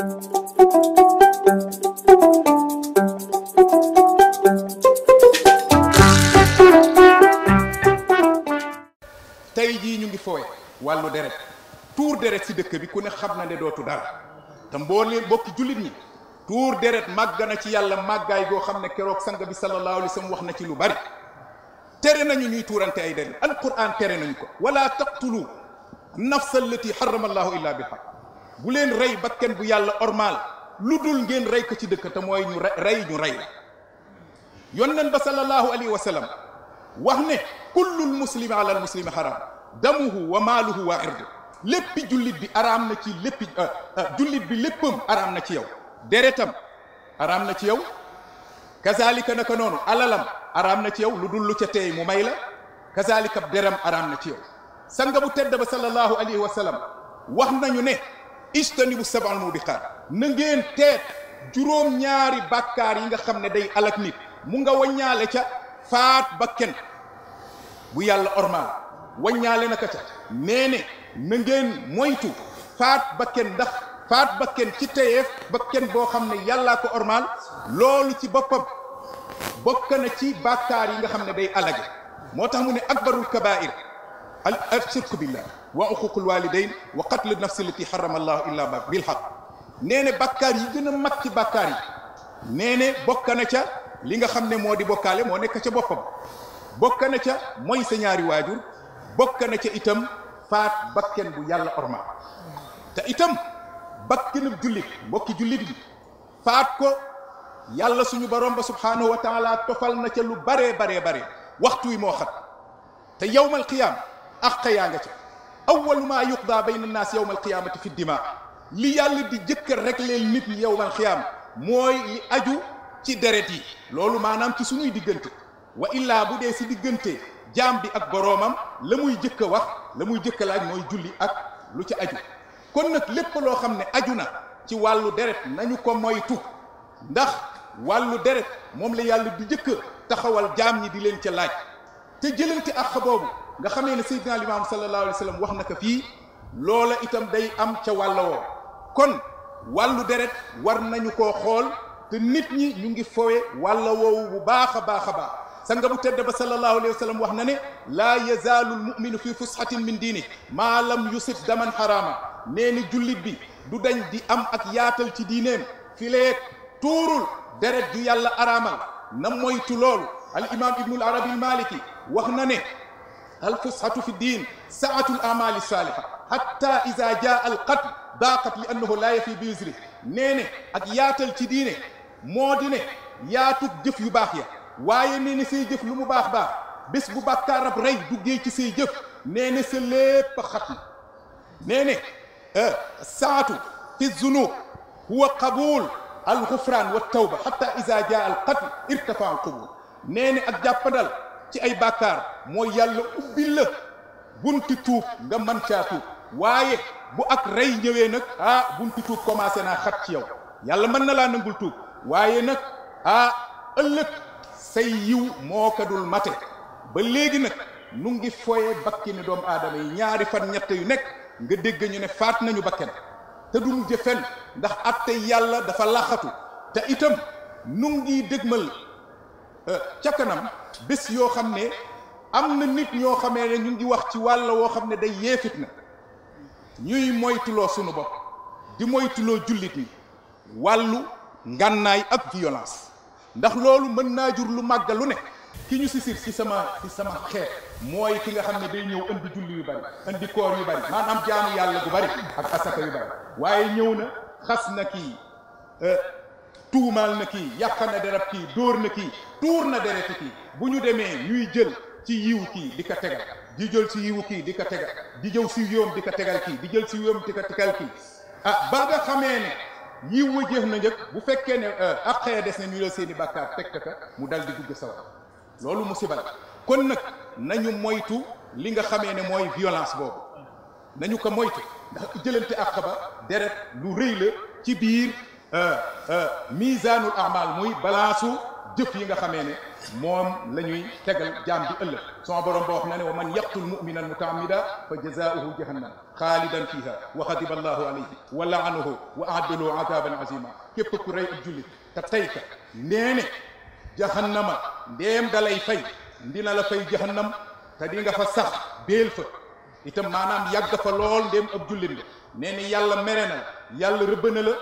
tey jii ñu ngi fooy wàllu deret tuur deret ci dëkk bi ku ne xam na ne dootu dara te mboolee bokki jullit ñi tuur deret màgg na ci yàlla màggaay goo xam ne keroog sang bi sallallahu alayhi wa wax na ci lu bari tere nañu ñuy tuurante ay deret alquran tere nañu ko wala taqtulu nafsa allati harrama allahu illa bu leen rey bakken bu yàlla ormal lu dul ngeen rey ko ci dëkk te mooy ñu rey ñu rey yonent ba sallallahu alayhi wa wax ne kullul muslimi ala al muslimi haram damuhu wa maaluhu wa irdu léppi jullit bi araam na ci léppi euh, euh, jullit bi léppam araam na ci yow deretam araam na ci yow kazalika naka noonu alalam araam na ci yow lu dul lu ca teey mu may la kazalika deram araam na ci yow sanga bu tedd ba sallallahu alayhi wa wax nañu ne istani bu sabal mubiqaat na ngeen teet juróom-ñaari bàkkaar yi nga xam ne day alak nit mu nga waññaale ca faat ba kenn bu yàlla ormaal waññaale naka ca nee ne na moytu faat ba kenn ndax faat ba kenn ci teyeef ba kenn boo xam ne yàllaa ko ormaal loolu ci boppam bokk ci bàkkaar yi nga xam ne day alage moo tax mu ne akbarul kabair al shirku billah wa xuququl walidayn wa qatlu nafsi lati xarama allahu illa bil xaq nee ne bàkkaar yi gën a mag ci bàkkaar yi nee ne bokk na ca li nga xam ne moo di bokkaale moo nekk ca boppam bokk na ca mooy sa ñaari waajur bokk na ca itam faat bakken bu yàlla orma te itam bakkenub jullit mbokki jullit bi faat ko yàlla suñu borom ba subhaanahu wa taala tofal na ca lu baree baree bare waxtu wi moo xat te yowmal qiyaam ak yaa nga ca awwalu maa yuqdaa bayna naas yowma alqiyaamati fi dima li yàlla di jëkk a leen nit ñi yowma alqiyaama mooy aju ci deret yi loolu maanaam ci suñuy diggante wa illaa bu dee si diggante jaam bi ak boroomam la muy jëkk a wax la muy jëkk laaj mooy julli ak lu ci aju kon nag lépp loo xam ne aju na ci wàllu deret nañu ko moytu ndax wàllu deret moom la yàlla di jëkk taxawal jaam yi di leen ca laaj te jëlante ak boobu nga xamee na sayyidina limaam sallallahu alayhi wa sallam wax na ko fii loola itam day am ca wàll woo kon wàllu deret war nañu ko xool te nit ñi ñu ngi fowe wàll woowu bu baax a baax a baax sanga bu tedd ba sallallahu alayhi wa sallam wax na ne laa yazaalu almuminu fi fushatin min diini maa lam yusib daman xaraama nee ni jullit bi du dañ di am ak yaatal ci diineem fileeg tuurul deret ju yàlla araamal na moytu loolu al imam ibnu arabi al maliki wax na ne alfusxatu fi diin saatu l amali saaliha hatta ida jaa al qatl baaqat li annahu laa yafi bi usri nee ne ak yaatal ci diine moo di ne yaatug jëf yu baax ya waaye nee ne say jëf lu mu baax baax bés bu bàkkaarab rey duggee ci say jëf nee ne sa lépp a xatl nee ne euh, saatu fi zunub huwa qabul al gufraan wa tawba hatta ida jaa al qatl irtafa al qubul nee ne ak jàppandal ci ay bàkkaar mooy yàlla ubbil la bunti tuub nga mën caa tuub waaye bu ak rey ñëwee nag ah bunti tuub commencé naa xat ci yow yàlla mën na laa nangul tuub waaye nag ah ëllëg say yiw moo ko mate ba léegi nag nu ngi foye bakkini doomu aadama yi ñaari fan ñett yu nekk nga dégg ñu ne faat nañu bakken te du mujj fenn ndax atte yàlla dafa laxatu te itam nu ngi dégmal ca kanam bés yoo xam ne am na nit ñoo xamee ne ñu ngi wax ci wàll woo xam ne day yee fitna ñuy moytuloo sunu bopp di moytuloo jullit ñi wàllu ngànnaay ak violence ndax loolu mën naa jur lu màgg lu ne ki ñu sisir ci sama ci sama xeet mooy ki nga xam ne day ñëw indi julli yu bari indi koor yu bari maanaam jaamu yàlla gu bari ak asaka yu bari waaye ñëw na xas na kii euh, tuumaal na kii yàq na derab kii dóor na kii tuur na dereti kii bu ñu demee ñuy jël ci yiw kii di ko tegal di jël ci yiwu kii di ko tegal di jëw si yoom di ko tegal kii di jël si yoom di ko tegal kii ah ba nga xamee ne yiw wa na njëkk bu fekkee ne euh, ak xëy des na ñu la seen i bàkkaar teg ka mu dal di dugg sawar loolu musiba la kon nag nañu moytu li nga xamee ne mooy violence boobu nañu ko moytu ndax jëlante àq ba deret lu rëy la ci biir Euh, euh, a amal muy balaasu jëf yi nga xamee ne moom la ñuy tegal jaam bi ëllëg sama borom ba wax na ne wa man yaqtul muminan mutaamida fa jazaauhu jahannam xaalidan fiha wa xadiba allahu alayhi wa laanahu wa aaddalu adaban azima képp ku rey ak jullit te tey ka nee ne jahannama ndéem da lay fay dina la fay jahannam te di nga fa sax béel fa itam maanaam yàgg fa lool ndéem ab jullit la nee ne yàlla mere na yàlla la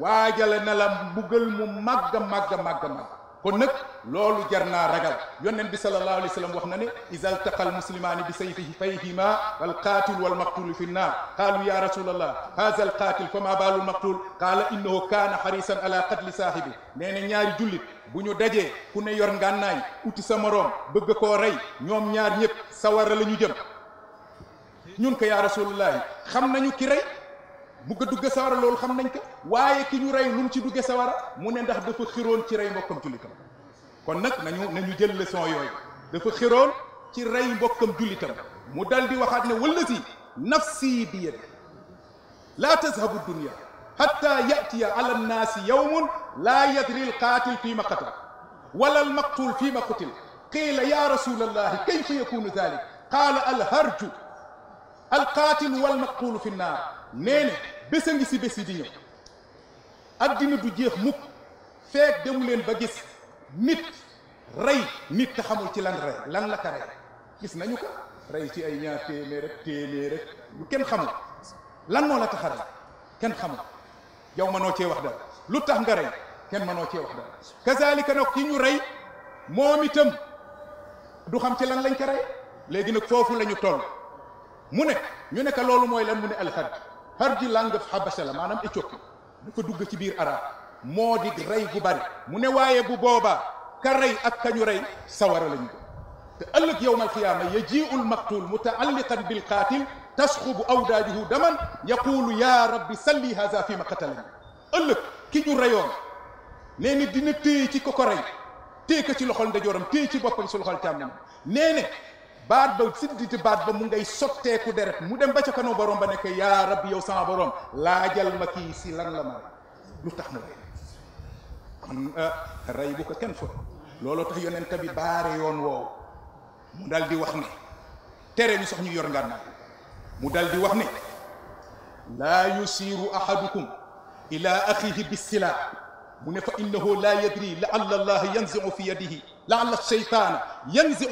waajale na la mbugal mu màgg màgg màgg màgg kon nag loolu jar naa ragal yonent bi sallallahu alayhi wa sallam wax na ne iza altaqa almuslimaani bi fa sayfihi fayhima walqaatilu walmaqtulu fi nnaar qaalu ya rasulallah haza alqaatil fa ma baalu almaqtul qaala innahu kaana harisan ala qatli saahibi nee na ñaari jullit bu ñu dajee ku ne yor ngànnaay uti sa moroom bëgg koo rey ñoom ñaar ñëpp sawara la ñu jëm ñun ko ya rasulullahi xam nañu ki rey mu ko dugge sawara loolu xam nañ ko waaye ki ñu rey lu mu ci dugge sawara mu ne ndax dafa xiroon ci rey mbokkam jullitam kon nag nañu nañu jël leçon yooyu dafa xiroon ci rey mbokkam jullitam mu dal di waxaat ne wallati nafsi bi yadi laa tazhabu dunia hatta yatiya ala nnaasi yawmun laa yadri alqaatil fi ma qatal wala almaqtul fi ma qutil qiila ya rasul allahi kayfa yakunu dalik qaala alharju alqaatilu walmaqtulu fi nnaar nee na bés a ngi si bés yi di addina du jeex mukk feek demu leen ba gis nit rey nit te xamul ci lan rey lan la ka rey gis nañu ko rey ci ay ñaar téeméer rek kenn xamul lan moo la tax rey kenn xamul yow mënoo cee wax dara lu tax nga rey kenn mënoo cee wax dara kazalika nag ki ñu rey moom itam du xam ci lan lañ ko rey léegi nag foofu la ñu toll mu ne ñu nekk loolu mooy lan mu ne alxad xar ji langue xabasa la maanaam éthiopie bu ko dugg ci biir arab moo di rey gu mu ne waaye bu boobaa ka rey ak kañu rey sawara lañu ko te ëllëg yowm alqiyaama yajiu lmaqtul mutaalliqan bilqaatil tasxubu awdaajuhu daman yaqulu ya rabbi salli haza fi ma qatalani ëllëg ki ñu reyoon nee ni dina téye ci ko ko rey téye ko ci loxol ndeyjooram téye ci boppam ci loxol càmmoñ nee ne baat ba sidditi baat ba mu ngay sotteeku deret mu dem ba ca kanam borom ba nekk yaa rabbi yow sama borom laajal ma kii si lan la ma lu tax mu rey kon ah, rey bu ko kenn tax yonent bi baare yoon woowu mu dal wax ne tere ñu sax ñu yor ngànnaay mu dal wax ne laa yusiiru ahadukum ila axihi bisila mu ne fa innahu laa yadri la alla fi yadihi la alla sheytaana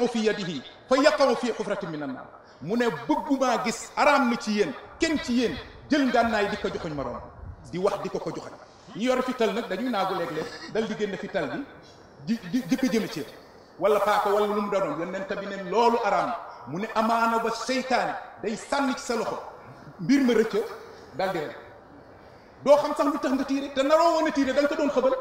fi yadihi fa yaqaw fii xufratin min annaar mu ne bëggumaa gis araam na ci yéen kenn ci yéen jël ngànnaay di ko joxoñ moroom di wax di ko ko joxoñ ñu yor fital nag dañuy naagu léeg-léeg dal di génn fital bi di di jëkk jëme ci wala paaka wala lu mu doonoon yonent bi ne loolu araam mu ne amaana ba seytaane day sànni ci sa loxo mbir ma rëcca dal di doo xam sax lu tax nga tiire te naroo woon a tiire da nga ko doon xëbal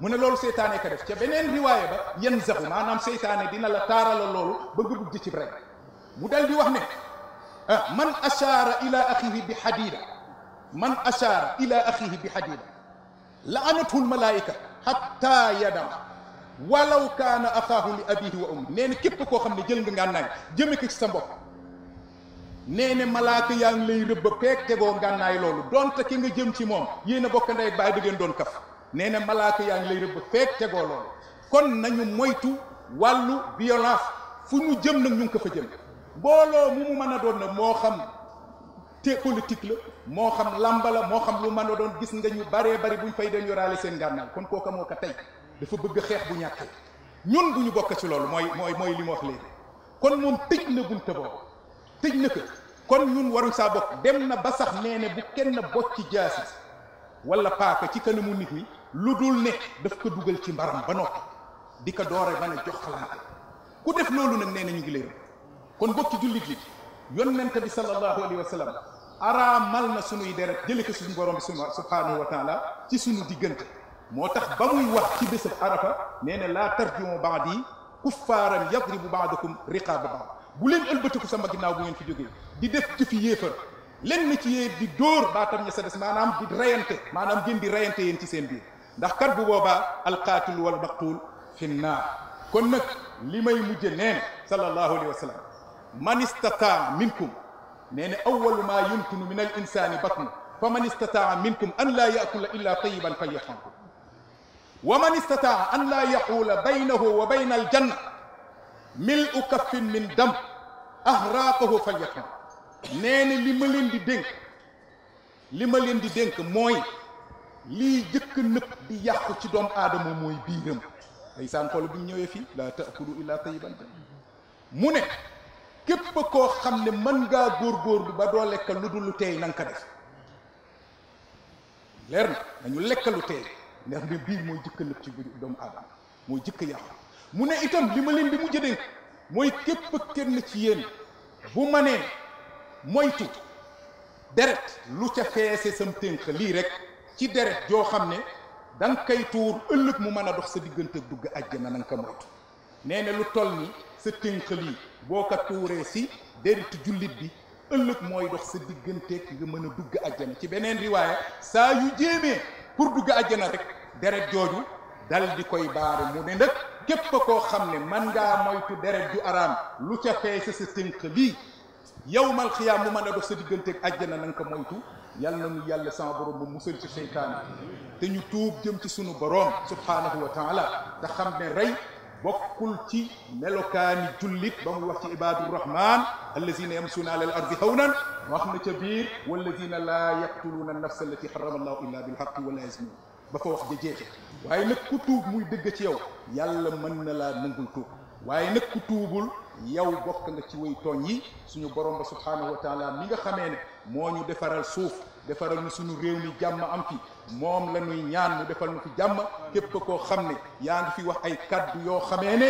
mu ne loolu seytaane ka def ca beneen riwaaya ba yan zaxu maanaam seytaane dina la taarala loolu ba nga dugg ci rek mu dal di wax ne ah, man ashaara ila axihi bi xadiida man ashaara ila axihi bi xadiida laanatul malaayika xatta yadam walaw kaana axaahu li abihi wa ummi nee képp koo xam ne jël nga ngànnaay jëme ko ci sa mbokk nee na malaaka yaa ngi lay rëbb peeg tegoo ngànnaay loolu donte ki nga jëm ci moom yéen a bokk ndey baay di doon kaf nee na malaaka yaa ngi lay rëbb feeg tegoo loolu kon nañu moytu wàllu violence fu ñu jëm nag ñu ngi ko fa jëm mbooloo mu mu mën a doon na moo xam te politique la moo xam làmba la moo xam lu mën a doon gis nga ñu baree bari buñ fay dañ yoraale seen gànnaaw kon kooka moo ko tey dafa bëgg xeex bu ñàkkee ñun bu ñu bokk ci loolu mooy mooy mooy li mu wax léegi kon moom tëj na bunte boobu tëj na ko kon ñun waruñ saa bokk dem na ba sax nee ne bu kenn bocc jaasi wala paaka ci kanamu nit ñi lu dul ne daf ko dugal ci mbaram ba noppi di ko doore mën a jox xalaat ku def loolu nag nee na ñu ngi lay kon bokki jullit li yonent bi sallallahu alayhi wa sallam araamal na sunuy deret jële ko suñu borom bi sunu subhaanahu wa taala ci suñu diggante moo tax ba muy wax ci bésab arafa nee na laa tarjumu baadi kuffaaran yadribu baadakum riqaaba baad bu leen ëlbatiku sama ginnaaw bu ngeen fi jógee di def ci fi yéefar lenn ci yéen di dóor baatam ña sa des maanaam di reyante maanaam gën di reyante yéen ci seen biir ndax kat bu boobaa alqaatil wal maqtuul fi nnaar kon nag li may mujje nee na sallallahu alayhi wa sallam man istataa minkum nee na awalu maa yumkinu min al insaani batnu fa man istataa minkum an laa yakula illa tayiban fal yaxamkum wa man istataa an laa yaquula baynahu wa bayna aljanna milu kaffin min dam ahraaqahu fal yaxam nee na li ma leen di dénk li ma leen di dénk mooy lii jëkk nëpp di yàqu ci doomu aadama mooy biiram ndeysaan xool bi mu ñëwee fii laa taakulu illaa tayiban mu ne képp koo xam ne mën ngaa góorgóorlu ba doo lekk lu dul lu teey na nga def leer na nañu lekk lu teey ndax ne biir mooy jëkk nëpp ci doomu aadama mooy jëkk yàqu mu ne itam li ma leen bi mujj dénk mooy képp kenn ci yéen bu ma nee moytu deret lu ca feese sam tënk lii rek ci deret joo xam ne da nga koy tuur ëllëg mu mën a dox sa diggante dugg àjjana na ko moytu nee na lu toll ni sa tënk lii boo ko tuuree si deritu jullit bi ëllëg mooy dox sa digganteeg nga mën a dugg àjjana ci beneen riwaaya saa yu jéemee pour dugg àjjana rek deret jooju dal di koy baare mu ne nag képp koo xam ne man ngaa moytu deret ju araam lu ca feey sa sa lii yawmal xiyaam mu mën a dox sa diggante ak àjjana na nga ko moytu yàlla nañu yàlla sama borom ba musal ci seytaane te ñu tuub jëm ci sunu borom subhaanahu wa taala te xam ne rey bokkul ci melokaani jullit ba muy wax ci ibaadu rahman allazina yamsuuna ala al ardi hawnan wax na ca biir wallazina laa yaqtuluuna nafsa allati harrama allahu illa bilhaqi wala yasmin ba fa wax ja jeexe waaye nag ku tuub muy dëgg ci yow yàlla mën na laa nangul tuub waaye nag ku tuubul yow bokk nga ci way tooñ yi suñu borom ba subhaanahu wa taala mi nga xamee ne moo ñu defaral suuf defaral ñu suñu réew mi jàmm am fi moom la ñuy ñaan mu defal ñu fi jàmm képp koo xam ne yaa ngi fi wax ay kàddu yoo xamee ne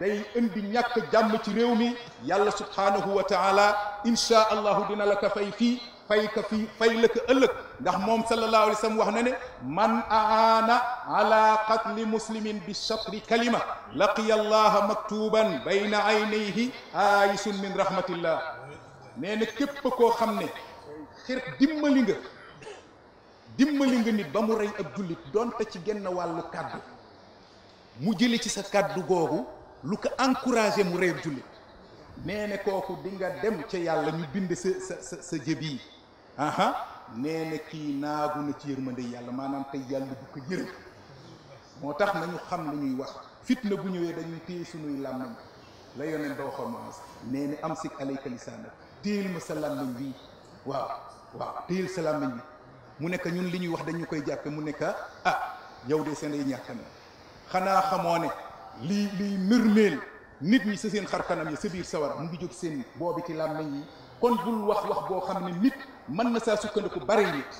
day indi ñàkk jàmm ci réew mi yàlla subhaanahu wa taala insha allahu dina la kafay fii fay ka fii fay la ko ëllëg ndax moom sallallahu alayhi wa wax na ne man aana ala qatli muslimin bi shatri kalima laqiya allaha maktuban bayna aynayhi ayisun min rahmatillah nee na képp koo xam ne xir dimmali nga dimmali nga nit ba mu rey ab jullit donte ci genn wàllu kàddu mu jëli ci sa kàddu googu lu ko encouragé mu rey ab jullit nee na kooku di nga dem ca yàlla ñu bind sa sa sa sa jëb yi nee na kii naagu na ci yërmande yàlla maanaam tey yàlla du ko yërëm moo tax nañu xam lañuy wax fitna bu ñëwee dañuy téye suñuy làmmiñ la yoneen ba waxoon moom nee na am sik alayka lisaana ma sa làmmiñ bi waaw waaw téyel sa làmmiñ bi mu nekk ñun li ñuy wax dañu koy jàppe mu nekk ah yow de seen ay ñàkk xanaa xamoo ne lii lii mërmeel nit ñi sa seen xar kanam yi sa biir sawar mu ngi jóg seen boobi ci làmmiñ yi kon bul wax wax boo xam ne nit mën na saa sukkandiku bari nit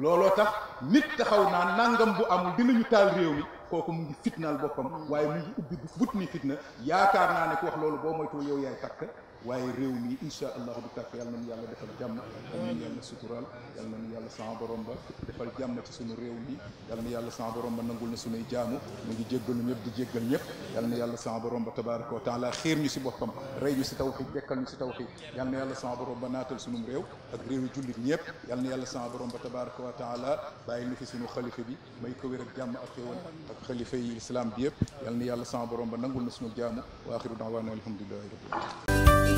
looloo tax nit taxaw naa nangam bu amul dinañu taal réew mi kooku mu ngi fitnaal boppam waaye mu ngi ubbi but ni fitna yaakaar naa ne ku wax loolu boo moytuwul yow yaay takk waaye réew mi incha allahu du tàkk yàlla nañu yàlla defal jàmm yàlla nañu yàlla suturaal yàlla nañu yàlla sama ba defal jàmm ci suñu réew mi yàlla na yàlla sama borom ba nangul na suñuy jaamu mu ngi jéggalu ñëpp di jéggal ñëpp yàlla na yàlla sama borom ba tabaraka wa taala xiir ñu si boppam rey ñu si tawxiid dekkal ñu si tawxiid yàlla na sama borom ba naatal suñu réew ak réewi jullit ñëpp yàlla na yàlla sama borom ba tabaraka wa taala bàyyi ñu fi suñu xalifa bi may ko wér ak jàmm ak xéwal ak xalifa yi islam bi yëpp yàlla na yàlla sama borom ba nangul na suñu jaamu wa axiru daawaana alhamdulillahi rabbil